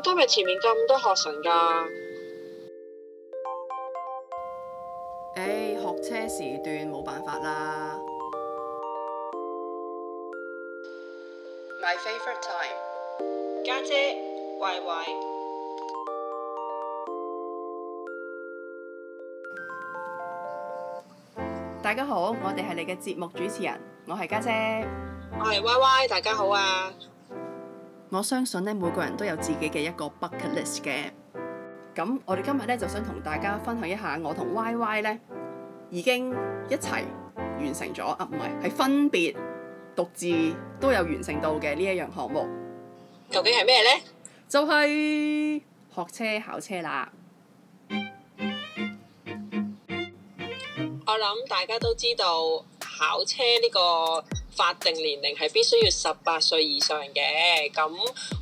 今日前面咁多學神噶，誒、哎，學車時段冇辦法啦。My favorite time 家姐。家姐，Y Y。大家好，我哋係你嘅節目主持人，我係家姐，姐，我係 Y Y，大家好啊。我相信咧每個人都有自己嘅一個 bucket list 嘅。咁我哋今日咧就想同大家分享一下我同 Y Y 咧已經一齊完成咗啊，唔係係分別獨自都有完成到嘅呢一樣項目。究竟係咩呢？就係學車考車啦。我諗大家都知道考車呢個。法定年齡係必須要十八歲以上嘅，咁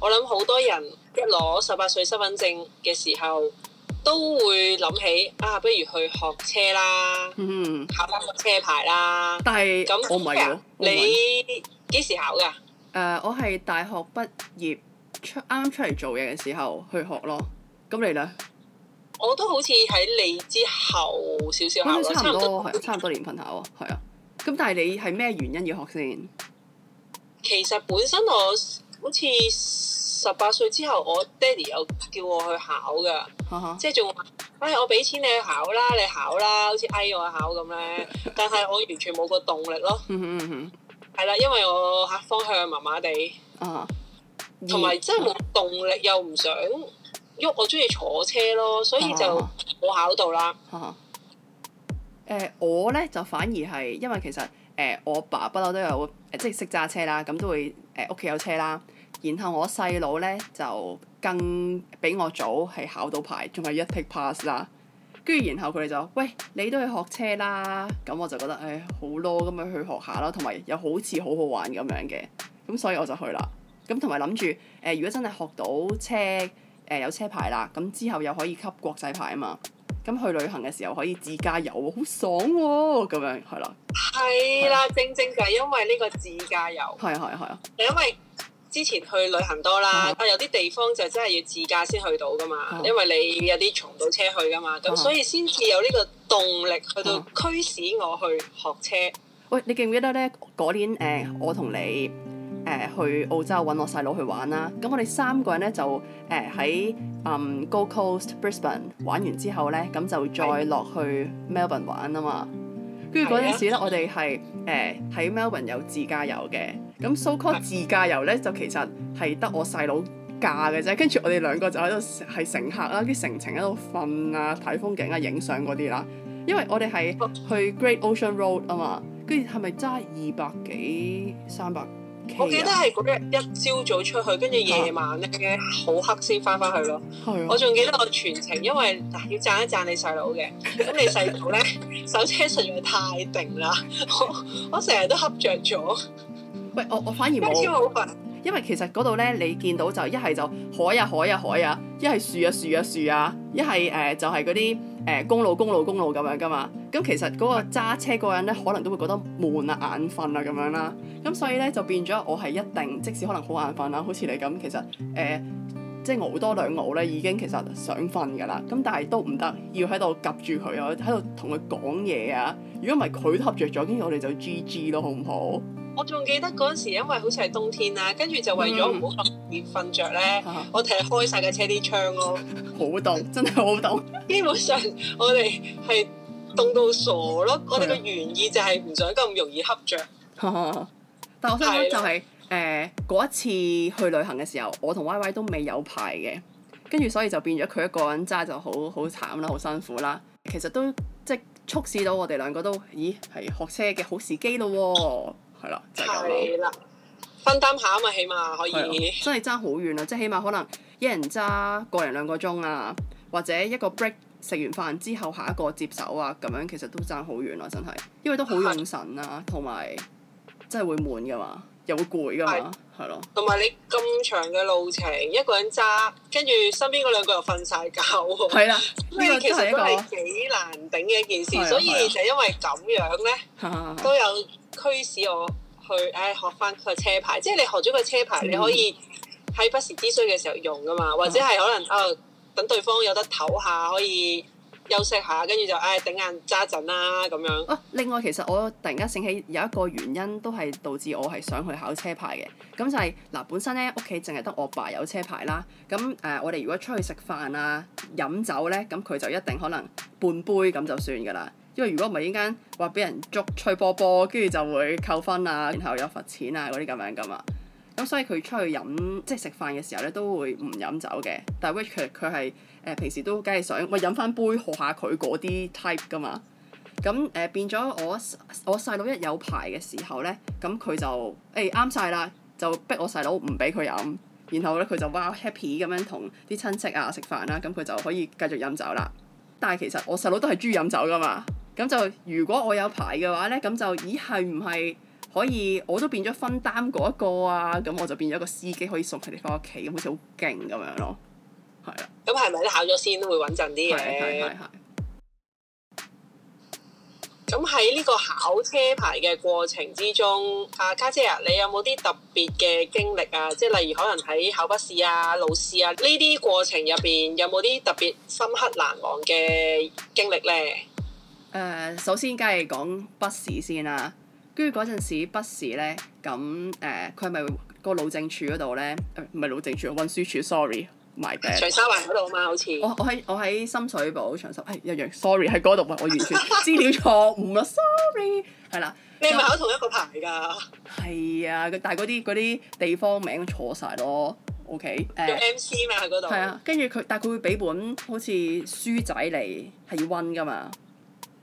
我諗好多人一攞十八歲身份證嘅時候，都會諗起啊，不如去學車啦，嗯，考翻個車牌啦。但係是，咁那我唔係喎，你幾時考㗎？誒，我係、呃、大學畢業出啱出嚟做嘢嘅時候去學咯。咁你咧？我都好似喺你之後少少，少考差唔多係， 差唔多年份考啊，係啊。咁但係你係咩原因要學先？其實本身我好似十八歲之後，我爹哋又叫我去考嘅，uh huh. 即係仲話唉，我俾錢你去考啦，你考啦，好似嗌我考咁咧。但係我完全冇個動力咯，係啦， 因為我嚇方向麻麻地，同埋、uh huh. 真係冇動力、uh huh. 又唔想喐，我中意坐車咯，所以就冇考到啦。Uh huh. uh huh. 誒、呃、我咧就反而係，因為其實誒、呃、我爸不嬲都有、呃、即係識揸車啦，咁都會誒屋企有車啦。然後我細佬咧就更比我早係考到牌，仲係一 take pass 啦。跟住然後佢哋就喂，你都去學車啦。咁我就覺得誒、哎、好咯，咁咪去學下咯。同埋又好似好好玩咁樣嘅，咁所以我就去啦。咁同埋諗住誒，如果真係學到車誒、呃、有車牌啦，咁之後又可以吸國際牌啊嘛。咁去旅行嘅時候可以自駕遊，好爽喎、啊！咁樣係啦，係啦，的的正正就係因為呢個自駕遊，係係係啊！因為之前去旅行多啦，啊的有啲地方就真係要自駕先去到噶嘛，的因為你有啲重唔到車去噶嘛，咁的所以先至有呢個動力去到驅使我去學車。喂，你記唔記得咧？嗰年誒、呃，我同你。誒去澳洲揾我細佬去玩啦。咁我哋三個人咧就誒喺、呃、嗯 Gold Coast Brisbane 玩完之後咧，咁就再落去 Melbourne 玩啊嘛。跟住嗰陣時咧，的我哋係誒喺、呃、Melbourne 有自駕遊嘅。咁 so called 自駕遊咧就其實係得我細佬駕嘅啫。跟住我哋兩個就喺度係乘客啦，啲成程喺度瞓啊、睇風景啊、影相嗰啲啦。因為我哋係去 Great Ocean Road 啊嘛，跟住係咪揸二百幾三百？300？我記得係嗰日一朝早出去，跟住夜晚咧好、啊、黑先翻翻去咯。的我仲記得我全程，因為要讚一讚你細佬嘅，咁你細佬咧手車實在太定啦，我我成日都恰着咗。唔係，我我，我反而。因為其實嗰度咧，你見到就一係就海啊海啊海啊，一係樹啊樹啊樹啊，一係誒就係嗰啲誒公路公路公路咁樣噶嘛。咁其實嗰個揸車個人咧，可能都會覺得悶啊、眼瞓啊咁樣啦。咁所以咧就變咗我係一定，即使可能好眼瞓啊，好似你咁，其實誒、呃、即係熬多兩熬咧，已經其實想瞓㗎啦。咁但係都唔得，要喺度夾住佢啊，喺度同佢講嘢啊。如果唔係佢都合着咗，跟住我哋就 G G 咯，好唔好？我仲記得嗰陣時，因為好似係冬天啦，跟住就為咗唔好咁易瞓着咧，嗯啊、我哋係開晒架車啲窗咯。好凍， 真係好凍。基本上我哋係凍到傻咯。的我哋嘅原意就係唔想咁容易瞌着、啊。但我想講就係誒嗰一次去旅行嘅時候，我同 Y Y 都未有牌嘅，跟住所以就變咗佢一個人揸就好好慘啦，好辛苦啦。其實都即係促使到我哋兩個都，咦係學車嘅好時機咯。係啦、就係咁啦，分擔下啊嘛，起碼可以。真係爭好遠啊！即係起碼可能一人揸個人兩個鐘啊，或者一個 break 食完飯之後下一個接手啊，咁樣其實都爭好遠啊。真係。因為都好用神啊，同埋的真係會悶噶嘛，又會攰噶嘛。係咯，同埋你咁長嘅路程一個人揸，跟住身邊嗰兩個又瞓晒覺，係啦了，呢 個都係幾難頂嘅一件事，了所以就因為咁樣咧，了都有驅使我去誒、哎、學翻個車牌，即係你學咗個車牌，了你可以喺不時之需嘅時候用㗎嘛，了或者係可能啊、呃、等對方有得唞下可以。休息下，跟住就唉、哎，頂硬揸陣啦咁樣。啊，另外其實我突然間醒起有一個原因都係導致我係想去考車牌嘅。咁就係、是、嗱、啊，本身咧屋企淨係得我爸有車牌啦。咁誒、呃，我哋如果出去食飯啊、飲酒咧，咁佢就一定可能半杯咁就算㗎啦。因為如果唔係呢間話俾人捉吹波波，跟住就會扣分啊，然後有罰錢啊嗰啲咁樣咁啊。咁、嗯、所以佢出去飲即係食飯嘅時候咧，都會唔飲酒嘅。但係 which 佢佢係平時都梗係想喂飲返杯喝下佢嗰啲 type 㗎嘛。咁、嗯、誒、呃、變咗我我細佬一有牌嘅時候咧，咁、嗯、佢就誒啱晒啦，就逼我細佬唔俾佢飲。然後咧佢就哇 happy 咁樣同啲親戚啊食飯啦，咁、嗯、佢就可以繼續飲酒啦。但係其實我細佬都係鍾意飲酒㗎嘛。咁、嗯、就如果我有牌嘅話咧，咁就咦係唔係？是可以，我都變咗分擔嗰一個啊，咁我就變咗一個司機，可以送佢哋翻屋企，咁好似好勁咁樣咯，係啊。咁係咪咧考咗先會穩陣啲嘅？係，係，係。咁喺呢個考車牌嘅過程之中，啊家姐啊，你有冇啲特別嘅經歷啊？即係例如可能喺考筆試啊、路試啊呢啲過程入邊，有冇啲特別深刻難忘嘅經歷咧？誒，uh, 首先梗係講筆試先啦、啊。跟住嗰陣時，不時咧，咁誒，佢係咪個路政處嗰度咧？唔、呃、係路政處，運輸處，sorry，my bad。長沙灣嗰度啊嘛，好、哎、似。我我喺我喺深水埗長沙，係一樣，sorry，喺嗰度嘛，我完全資 料錯誤啊，sorry。係啦。你咪考同一個牌㗎？係啊，但係嗰啲嗰啲地方名錯晒咯，OK、呃。誒 MC 嘛喺嗰度。係啊，跟住佢，但係佢會俾本好似書仔嚟，係要温㗎嘛。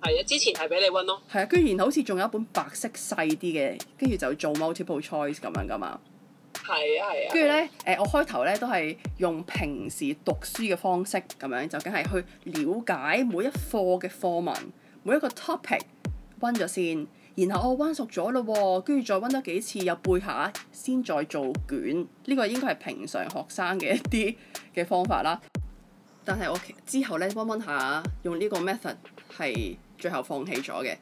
係啊，之前係俾你温咯。係啊，跟住然後好似仲有一本白色細啲嘅，跟住就做 multiple choice 咁樣噶嘛。係啊，係啊。跟住咧，誒的、呃，我開頭咧都係用平時讀書嘅方式咁樣，就梗係去了解每一課嘅課文，每一個 topic 温咗先。然後我温熟咗咯，跟住再温多幾次，有背下先再做卷。呢、這個應該係平常學生嘅一啲嘅方法啦。但係我之後咧温温下，用呢個 method 係。最後放棄咗嘅，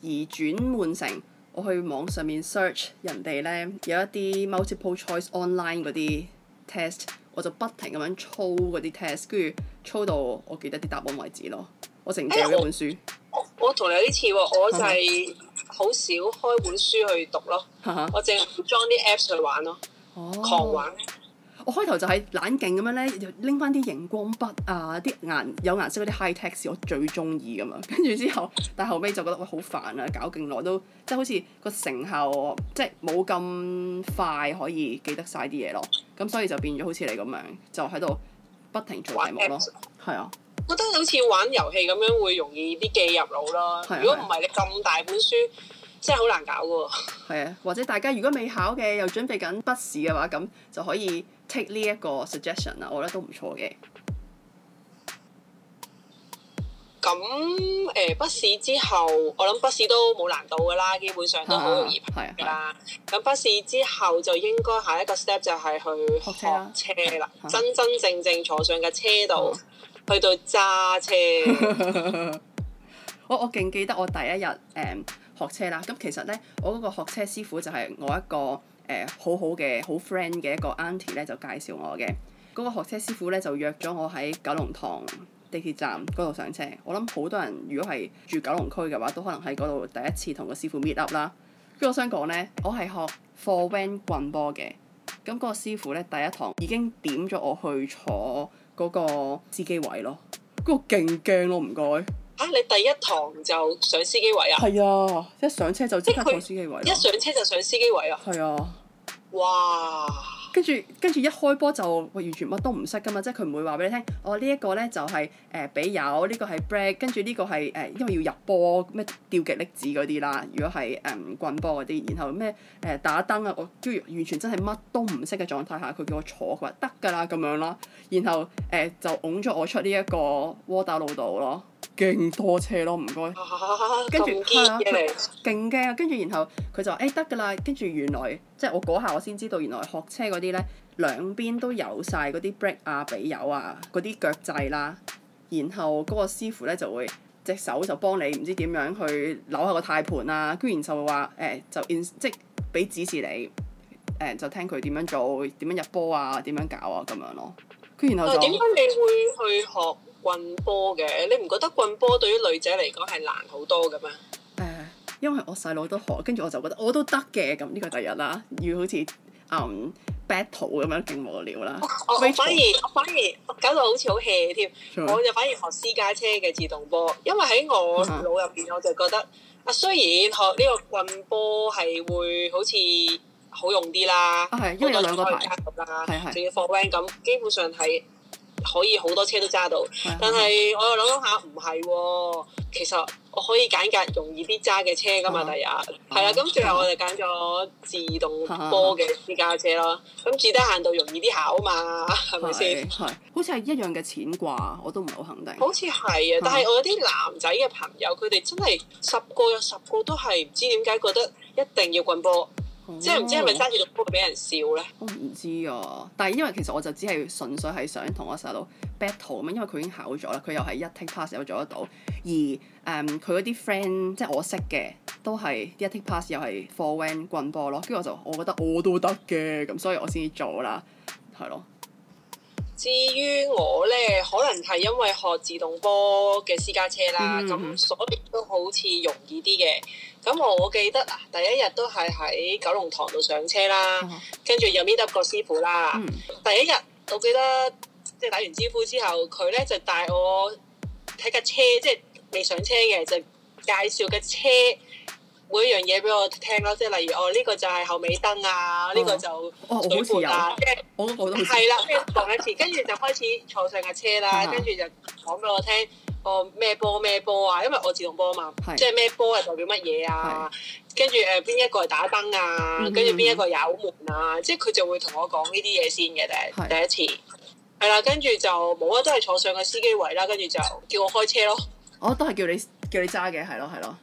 而轉換成我去網上面 search 人哋咧，有一啲 multiple choice online 嗰啲 test，我就不停咁樣操嗰啲 test，跟住操到我記得啲答案為止咯。我成借咗本書，哎、我同你有啲似喎，我就係好少開本書去讀咯，uh huh. 我淨係裝啲 apps 去玩咯，oh. 狂玩。我開頭就係冷靜咁樣咧，就拎翻啲熒光筆啊，啲顏有顏色嗰啲 high text，我最中意咁樣。跟住之後，但後尾就覺得喂好煩啊，搞勁耐都即係好似個成效即係冇咁快可以記得晒啲嘢咯。咁、啊、所以就變咗好似你咁樣，就喺度不停做題目咯。係啊，我覺得好似玩遊戲咁樣會容易啲記入腦啦。如果唔係你咁大本書，真係好難搞噶。係啊，或者大家如果未考嘅又準備緊筆試嘅話，咁就可以。Take 呢一個 suggestion 啊，我覺得都唔錯嘅。咁誒，筆、呃、試之後，我諗筆試都冇難度噶啦，基本上都好容易 pass 噶啦。咁筆試之後就應該下一個 step 就係去學車啦，車啊、真真正正坐上架車度，啊、去到揸車。 我我勁記得我第一日誒、嗯、學車啦，咁其實咧，我嗰個學車師傅就係我一個。誒好好嘅，好 friend 嘅一個 auntie 咧就介紹我嘅嗰個學車師傅咧就約咗我喺九龍塘地鐵站嗰度上車。我諗好多人如果係住九龍區嘅話，都可能喺嗰度第一次同個師傅 meet up 啦。跟住我想講咧，我係學 four wheel 棍波嘅，咁嗰個師傅咧，第一堂已經點咗我去坐嗰個司機位咯，嗰個勁驚咯，唔該。嚇、啊！你第一堂就上司機位啊？係啊！一上車就即刻坐司機位啦。一上車就上司機位啊！係啊！哇！跟住跟住一開波就完全乜都唔識㗎嘛，即係佢唔會話俾你聽。我呢一個咧就係誒俾油，呢、呢個係 brake 跟住呢個係誒、呃、因為要入波咩吊極力子嗰啲啦。如果係誒、嗯、棍波嗰啲，然後咩誒、呃、打燈啊，我完全真係乜都唔識嘅狀態下，佢叫我坐，佢話得㗎啦咁樣啦。然後誒、呃、就拱咗我出呢一個窩打老道咯。勁多車咯，唔該。跟住係啊，勁驚啊！跟住然後佢就話：誒得㗎啦。跟住原來即係、就是、我嗰下我先知道，原來學車嗰啲咧兩邊都有晒嗰啲 brake 啊、畀油啊、嗰啲腳掣啦。然後嗰個師傅咧就會隻手就幫你唔知點樣去扭下個軚盤啊，跟住就會話誒、欸、就 in，即係俾指示你誒、欸、就聽佢點樣做，點樣入波啊，點樣搞啊咁樣咯。跟住然後就點解、啊啊、你會去學？棍波嘅，你唔覺得棍波對於女仔嚟講係難好多嘅咩？誒、哎，因為我細佬都學，跟住我就覺得我都得嘅，咁呢個第一啦，要好似誒 battle 咁樣勁無聊啦。我反而我反而，我反而搞到好似好 hea 添，True. 我就反而學私家車嘅自動波，因為喺我腦入邊我就覺得啊，雖然學呢個棍波係會好似好用啲啦，啊因為有兩個牌啦，係啊仲要放 o r 咁，基本上係。可以好多車都揸到，啊、但係我又諗下唔係、哦，其實我可以揀架容易啲揸嘅車㗎嘛，啊、第日係啦，咁、啊啊、最後我就揀咗自動波嘅私家車咯，咁至、啊嗯、低限度容易啲考嘛，係咪先？係、啊吧啊，好似係一樣嘅錢啩，我都唔係好肯定。好似係啊，但係我有啲男仔嘅朋友，佢哋真係十個有十個都係唔知點解覺得一定要棍波。即係唔知係咪爭住嚟波 o 俾人笑咧？我唔知啊，但係因為其實我就只係純粹係想同我細佬 battle 咁樣，因為佢已經考咗啦，佢又係一 take pass 又做得到。而誒佢嗰啲 friend 即係我識嘅，都係一 take pass 又係 four one 棍波咯。跟住我就我覺得我都得嘅，咁所以我先至做啦，係咯。至於我咧，可能係因為學自動波嘅私家車啦，咁、嗯、所以都好似容易啲嘅。咁我記得啊，第一日都係喺九龍塘度上車啦，Okay. 跟住又搣得個師傅啦。嗯、第一日我記得即係打完招呼之後，佢咧就帶我睇架車，即係未上車嘅，就介紹架車每一樣嘢俾我聽咯。即係例如哦，呢、呢個就係後尾燈啊，呢、oh. 個就組合啦。Oh. Oh, 即係是、oh, 好覺得係啦，即係講一次。跟住就開始坐上架車啦，Okay. 跟住就講俾我聽。個咩波咩波啊？因為我自動波啊嘛，是即係咩波係代表乜嘢啊？是跟住誒邊一個係打燈啊？嗯嗯嗯，跟住邊一個有門啊？即係佢就會同我講呢啲嘢先嘅，第是第一次係啦。跟住就冇啊，都係坐上個司機位啦。跟住就叫我開車咯。哦，都係叫你叫你揸嘅，係咯係咯。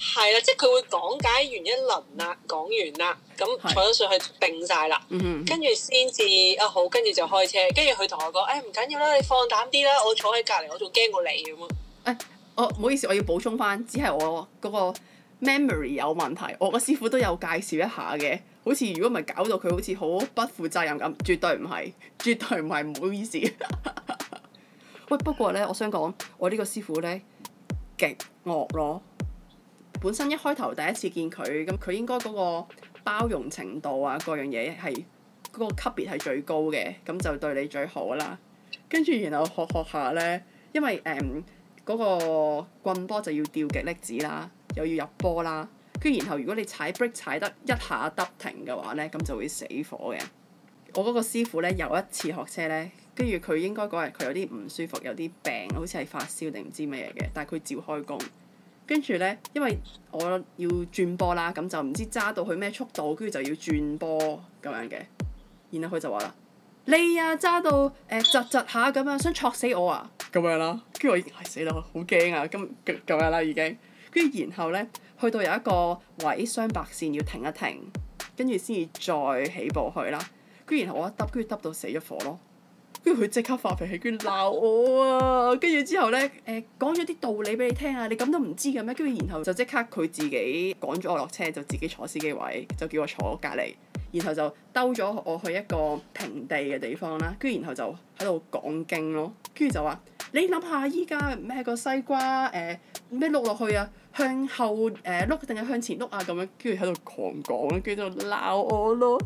係啦，即係佢會講解完一輪啦，講完啦。咁坐咗上去定晒啦，的跟住先至啊好，跟住就開車，跟住佢同我講：誒唔緊要啦，你放膽啲啦，我坐喺隔離，我仲驚過你咁啊！誒，我唔好意思，我要補充返，只係我嗰個 memory 有問題，我個師傅都有介紹一下嘅，好似如果唔係搞到佢好似好不負責任咁，絕對唔係，絕對唔係，唔好意思。喂、 哎，不過咧，我想講，我呢個師傅咧，極惡咯，本身一開頭第一次見佢咁，佢應該嗰、嗰個。包容程度啊，各樣嘢係嗰個級別係最高嘅，咁就對你最好啦。跟住然後學學下咧，因為誒嗰個棍波就要吊極力子啦，又要入波啦。跟住然後如果你踩 break 踩得一下得停嘅話咧，咁就會死火嘅。我嗰個師傅咧，有一次學車咧，跟住佢應該嗰日佢有啲唔舒服，有啲病，好似係發燒定唔知乜嘢嘅，但係佢照開工。跟住咧，因為我要轉波啦，咁就唔知揸到佢咩速度，跟住就要轉波咁樣嘅。然後佢就話啦：你啊揸到誒窒窒下咁樣，想挫死我啊咁樣啦。跟住我已經係死啦，好驚啊！咁咁樣啦已經跟住，然後咧、哎、去到有一個位雙白線要停一停，跟住先至再起步去啦。跟住然後我一揼，跟住揼到死咗火咯。跟住佢即刻發脾氣，跟住鬧我啊！跟住之後呢，誒講咗啲道理俾你聽啊！你咁都唔知嘅咩？跟住然後就即刻佢自己趕咗我落車，就自己坐司機位，就叫我坐隔離。然後就兜咗我去一個平地嘅地方啦。跟住然後就喺度講經咯。跟住就話你諗下依家咩個西瓜誒咩碌落去啊？向後誒碌定係向前碌啊？咁樣跟住喺度狂講，跟住就鬧我咯。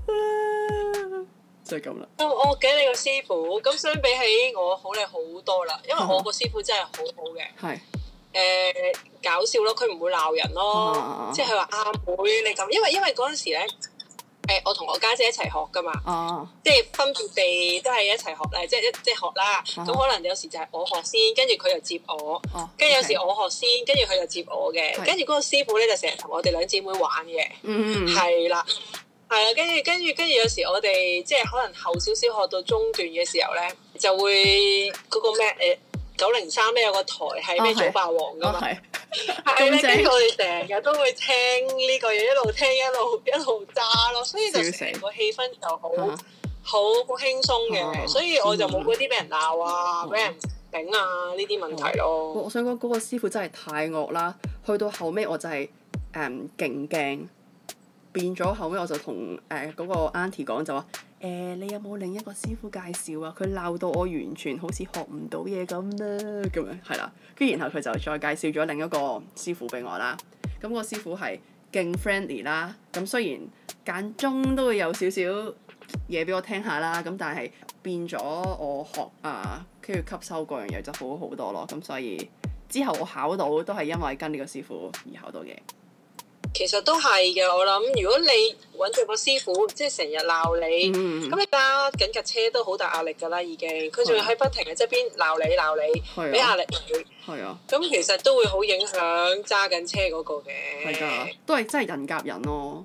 就係咁啦。咁、哦、我記你個師傅，咁相比起我好你好多啦，因為我個師傅真係好好嘅。係、啊。誒、呃、搞笑咯，佢唔會鬧人咯。即係佢話阿妹，你咁，因為因為嗰陣時咧，誒、呃、我同我家姐，姐一齊學㗎嘛。哦、啊。即係分別地都係一齊學咧，即係一即係、就是、學啦。咁、啊、可能有時就係我學先，跟住佢又接我。跟住、啊 okay。有時我學先，跟住佢又接我嘅。跟住嗰個師傅咧，就成日同我哋兩姊妹玩嘅。嗯，係啦。係啊，跟住跟住跟住，有時我哋即係可能後少少學到中段嘅時候咧，就會嗰、嗰個咩誒九零三咩？呃、有個台係咩早霸王噶嘛，係咧，跟住我哋成日都會聽呢、呢個嘢，一路聽一路一路揸咯，所以就成個氣氛就好好好輕鬆嘅，所以我就冇嗰啲俾人鬧啊、俾、啊、人頂啊呢啲、啊、問題咯。我想講嗰、嗰個師傅真係太惡啦，去到後尾我就係誒勁驚。嗯嗯嗯嗯變咗後尾，我就同誒嗰個 auntie 講就話：誒、欸、你有冇另一個師傅介紹啊？佢鬧到我完全好似學唔到嘢咁啦，咁樣係啦。跟住然後佢就再介紹咗另一個師傅俾我啦。咁、嗯嗰個師傅係勁 friendly 啦。咁、嗯、雖然間中都會有少少嘢俾我聽下啦，咁、嗯、但係變咗我學啊，跟住吸收嗰樣嘢就好好多咯。咁、嗯、所以之後我考到都係因為跟呢個師傅而考到嘅。其實都係嘅，我諗如果你搵住個師傅，即係成日鬧你，咁、嗯、你揸緊架車都好大壓力噶啦，已經佢仲要喺不停嘅側邊鬧你鬧你，俾壓的力佢。係啊的，咁其實都會好影響揸緊車嗰個嘅，都係真係人夾人咯，哦。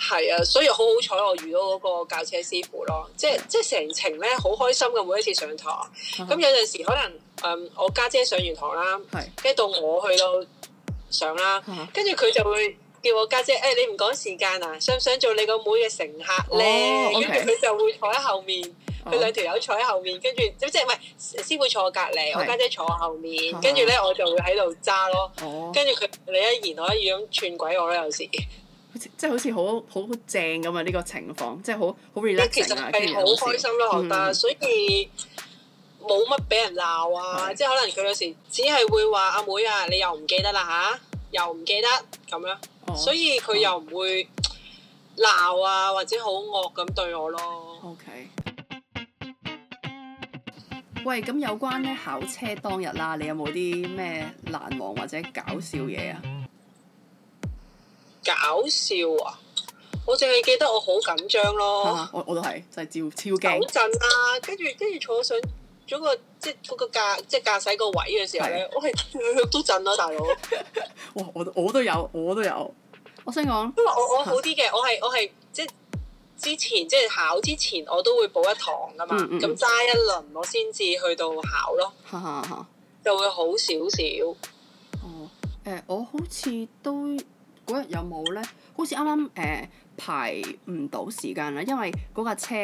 係啊，所以好好彩我遇到嗰個教車師傅咯，即係、嗯、即係成程咧好開心嘅每一次上堂，咁、啊、哈有陣時可能，嗯、呃，我家姐，姐上完堂啦，跟住的到我去到上啦，啊啊、跟住佢就會。叫我家姐，姐，誒、欸，你唔趕時間啊？想唔想做你個妹嘅乘客咧？跟住佢就會坐喺後面，佢、oh. 兩條友坐喺後面，跟住即係唔係師傅坐我隔籬，我家姐，姐坐我後面，跟住咧我就會喺度揸咯。跟住佢，你一言我一語咁串鬼我咯，有時即係好似好好正咁啊！呢、這個情況即係好好 relaxing，其實係好開心咯，我覺得。嗯、所以冇乜俾人鬧啊，對即係可能佢有時只係會話阿妹啊，你又唔記得啦吓、啊，又唔記得咁樣。Oh, 所以佢又唔會鬧啊，或者好惡咁對我咯。OK。喂，咁有關咧考車當日啦，你有冇啲咩難忘或者搞笑嘢啊？搞笑啊！我淨係記得我好緊張咯。啊，我我都係就係照超驚。抖震啦，跟住跟住坐上咗個即係嗰個駕即係駕駛個位嘅時候咧，我係都震啦，大佬。哇！我我都有，我都有。我想講。我我好啲嘅，我係我係即係之前即係考之前，我都會補一堂噶嘛。咁揸、嗯嗯、一輪，我先至去到考咯。哈哈 就會好少少。哦，誒，我好似都嗰日有冇咧？好似啱啱誒。呃排唔到時間啦，因為嗰架車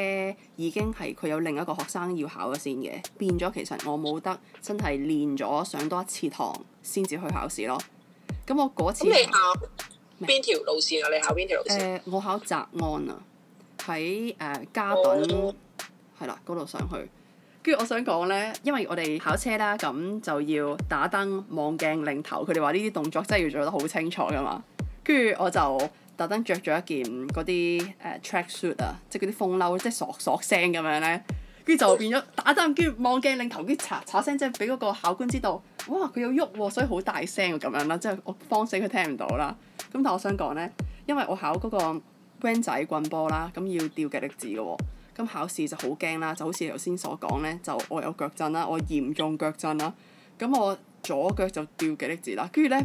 已經係佢有另一個學生要考嘅先嘅，變咗其實我冇得真係練咗上多一次堂先至去考試咯。咁、嗯、我嗰次咁，你考邊條麼路線啊？你考邊條路線？誒、呃，我考澤安啊，喺誒嘉品嘉頓係啦嗰度上去。跟住我想講咧，因為我哋考車啦，咁就要打燈、望鏡、擰頭，佢哋話呢啲動作真係要做得好清楚噶嘛。跟住我就。特登着咗一件嗰啲誒 track suit 啊，即係嗰啲風褸，即係索索聲咁樣咧，跟住就變咗、呃、打針，跟住望鏡擰頭，啲住嚓嚓聲，即係俾嗰個考官知道，哇佢有喐、啊，所以好大聲咁、啊、樣啦，即係我慌死佢聽唔到啦。咁但我想講咧，因為我考嗰個彎仔棍波啦，咁要吊極力子嘅喎，咁考試就好驚啦，就好似頭先所講咧，就我有腳震啦，我嚴重腳震啦，咁我左腳就吊極力子啦，跟住咧。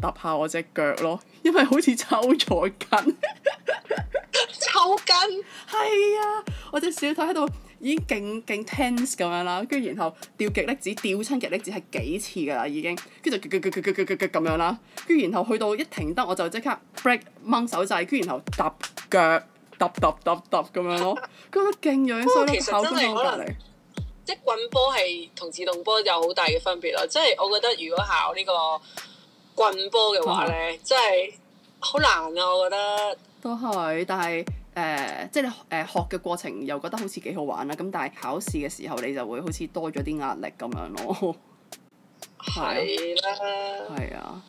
揼下我隻腳咯，因為好似抽咗筋 筷，抽筋係啊！我隻小腿喺度已經勁勁 tense 咁樣啦，跟住然後吊極力子，吊親極力子係幾次噶啦已經，跟住就咁樣啦，跟住然後去到一停得我就即刻 break 掹手掣，跟住然後揼腳揼揼揼揼咁樣咯，覺得勁樣衰咯， 考咁多格嚟， 即係滾波係同自動波有好大嘅分別咯，即係 我覺得如果考呢、這個。棍波嘅話咧，是真係好難啊！我覺得都係，但係誒、呃，即係你誒學嘅過程又覺得好似幾好玩啦。咁但係考試嘅時候，你就會好似多咗啲壓力咁樣咯。係啦，係啊。啊啊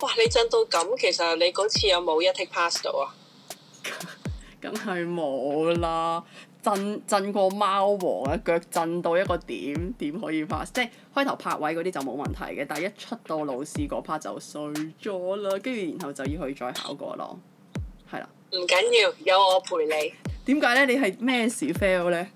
哇！你進到咁，其實你嗰次有冇一 take pass 到啊？梗係冇啦。震震過貓王啊！腳震到一個點點可以 pass？即係開頭拍位嗰啲就冇問題嘅，但係一出到路試嗰 part 就衰咗啦，跟住然後就要去再考過咯，係啦。唔緊要，有我陪你。點解咧？你係咩時 fail 咧？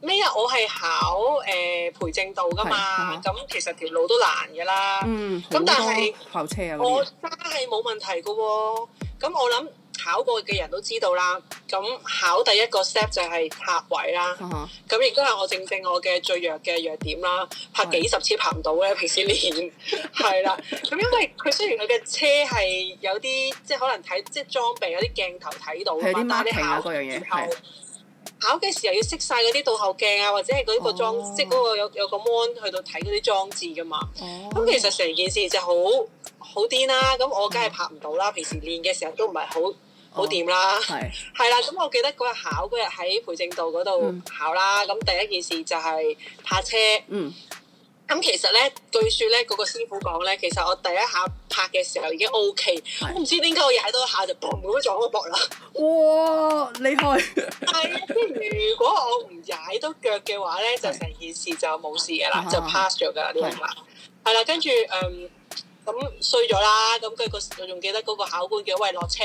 咩啊？我係考誒培正道噶嘛，咁、啊、其實條路都難噶啦。咁但係考車啊，我真係冇問題噶喎、哦。咁我諗。考過嘅人都知道啦，咁考第一個 step 就係泊位啦，咁亦都係我正正我嘅最弱嘅弱點啦。拍幾十次拍唔到咧，平時練係啦。咁 因為佢雖然佢嘅車係有啲即係可能睇即係裝備有啲鏡頭睇到，但係你考嗰樣嘢，考考嘅時候要熄晒嗰啲倒後鏡啊，或者係嗰個裝、oh. 即係嗰個有有個 mon 去到睇嗰啲裝置㗎嘛。咁、oh. 其實成件事就好好癲啦，咁、啊、我梗係拍唔到啦。平時練嘅時候都唔係好。好掂啦，係啦、oh, 咁我記得嗰日考嗰日喺培正道嗰度考啦，咁、嗯、第一件事就係泊車。咁、嗯嗯、其實咧，據説咧，嗰個師傅講咧，其實我第一下泊嘅時候已經 O、OK, K，是我唔知點解我踩多下就砰撞到撞咗個博啦。哇！厲害！係即係如果我唔踩到腳嘅話咧，就成件事就冇事嘅啦，是就 pass 咗㗎啲嘢嘛。係啦是，跟住誒。咁衰咗啦，咁跟住個我仲記得嗰個考官叫，喂，落車，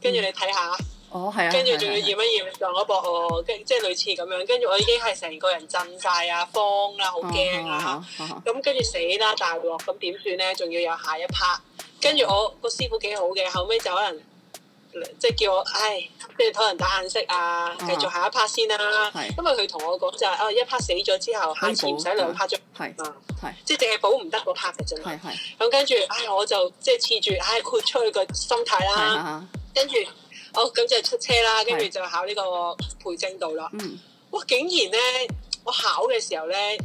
跟住你睇下，哦係啊，跟住仲要驗一驗上一搏喎，跟即係類似咁樣，跟住我已經係成個人震晒啊，慌啦、啊，好驚啦嚇，咁跟住死啦大鑊，咁點算咧？仲要有下一 part，跟住我個師傅幾好嘅，後尾就可能。即係叫我唉，即係同人打眼色啊，繼續下一 part 先啦。啊啊啊因為佢同我講就係哦，一 part 死咗之後，下次唔使兩 part 做嘛、嗯，啊、即係淨係保唔得嗰 part 嘅啫。咁跟住唉，我就即係黐住唉，豁出去個心態啦。跟住、啊啊啊、哦，咁、嗯、就、啊嗯啊啊、出車啦，跟住就考呢個培正道啦。哇、嗯哦！竟然咧，我考嘅時候咧，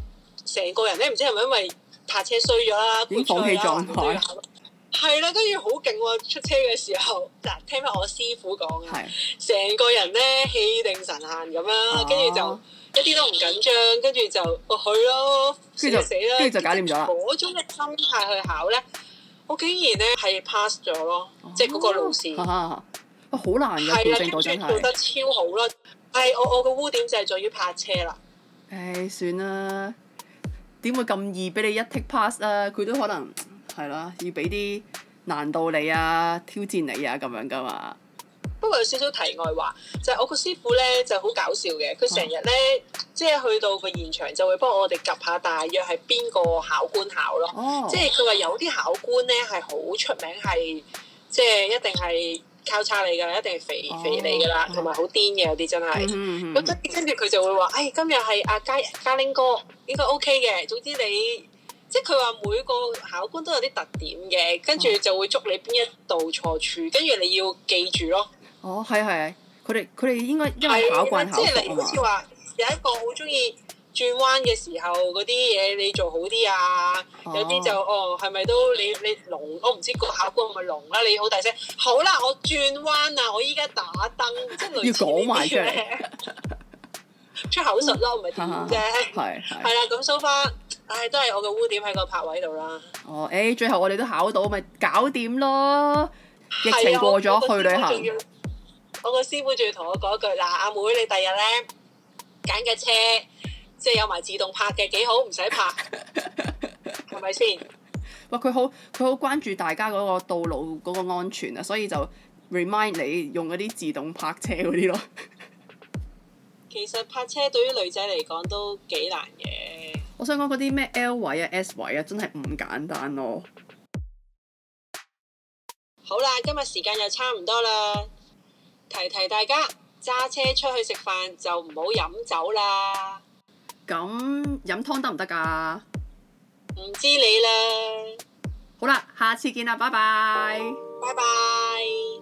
成個人咧，唔知係咪因為泊車衰咗啦，放棄狂狂狀，狀 係啦，跟住好勁喎！出車嘅時候，嗱，聽翻我師傅講嘅，成的個人咧氣定神閒咁樣，跟住、啊、就一啲都唔緊張，跟住就去咯，跟住就死啦！跟住就搞掂咗啦。嗰種嘅心態去考咧，我竟然咧係 pass 咗咯，啊、即係嗰個路線、啊，啊好、啊啊、難嘅，完成到真做得超好啦！係我我個污點就係在於泊車啦。唉，算啦，點會咁易俾你一 take pass 啊？佢都可能。係啦，要俾啲難度你啊，挑戰你啊，咁樣噶嘛。不過有少少題外話，就係、是、我個師傅咧，就好搞笑嘅。佢成日咧，啊、即係去到個現場就會幫我哋 𥄫 下，大約係邊個考官考咯。哦、即係佢話有啲考官咧係好出名，係即係一定係交叉你噶，一定係肥、哦、肥你噶啦，同埋好癲嘅有啲真係。咁跟住佢就會話，哎，今日係阿佳嘉玲哥，應該 OK 嘅。總之你。即係佢話每個考官都有啲特點嘅，跟住就會捉你邊一度錯處，跟住、哦、你要記住咯。哦，係係，佢哋佢哋應該因為考慣即係、嗯就是、你好似話有一個好鍾意轉彎嘅時候嗰啲嘢，你做好啲啊。有啲就哦，係咪都你你聾？我唔知個考官係咪聾啦？你好大聲。好啦，我轉彎啊！我依家打燈，即係類似呢啲嘅。要講埋嘅。出口術咯，唔係點啫？係係。係啦、啊，咁收翻。但唉，都係我嘅污點喺個泊位度啦。哦，誒、欸，最後我哋都考到，咪搞掂咯。疫情過咗，去旅行。我個師傅仲要同我講一句：嗱，阿妹，你第日咧揀嘅車，即係有埋自動泊嘅，幾好，唔使泊。 吧」係咪先？喂，佢好，佢好關注大家嗰個道路嗰、嗰個安全啊，所以就 remind 你用嗰啲自動泊車嗰啲咯。其實泊車對於女仔嚟講都幾難嘅。我想講嗰啲咩 L 位啊 S 位啊，真係唔簡單咯。好啦，今日時間又差唔多啦，提提大家揸車出去食飯就唔好飲酒啦。咁飲湯得唔得㗎？唔知你啦。好啦，下次見啦，拜拜。拜拜。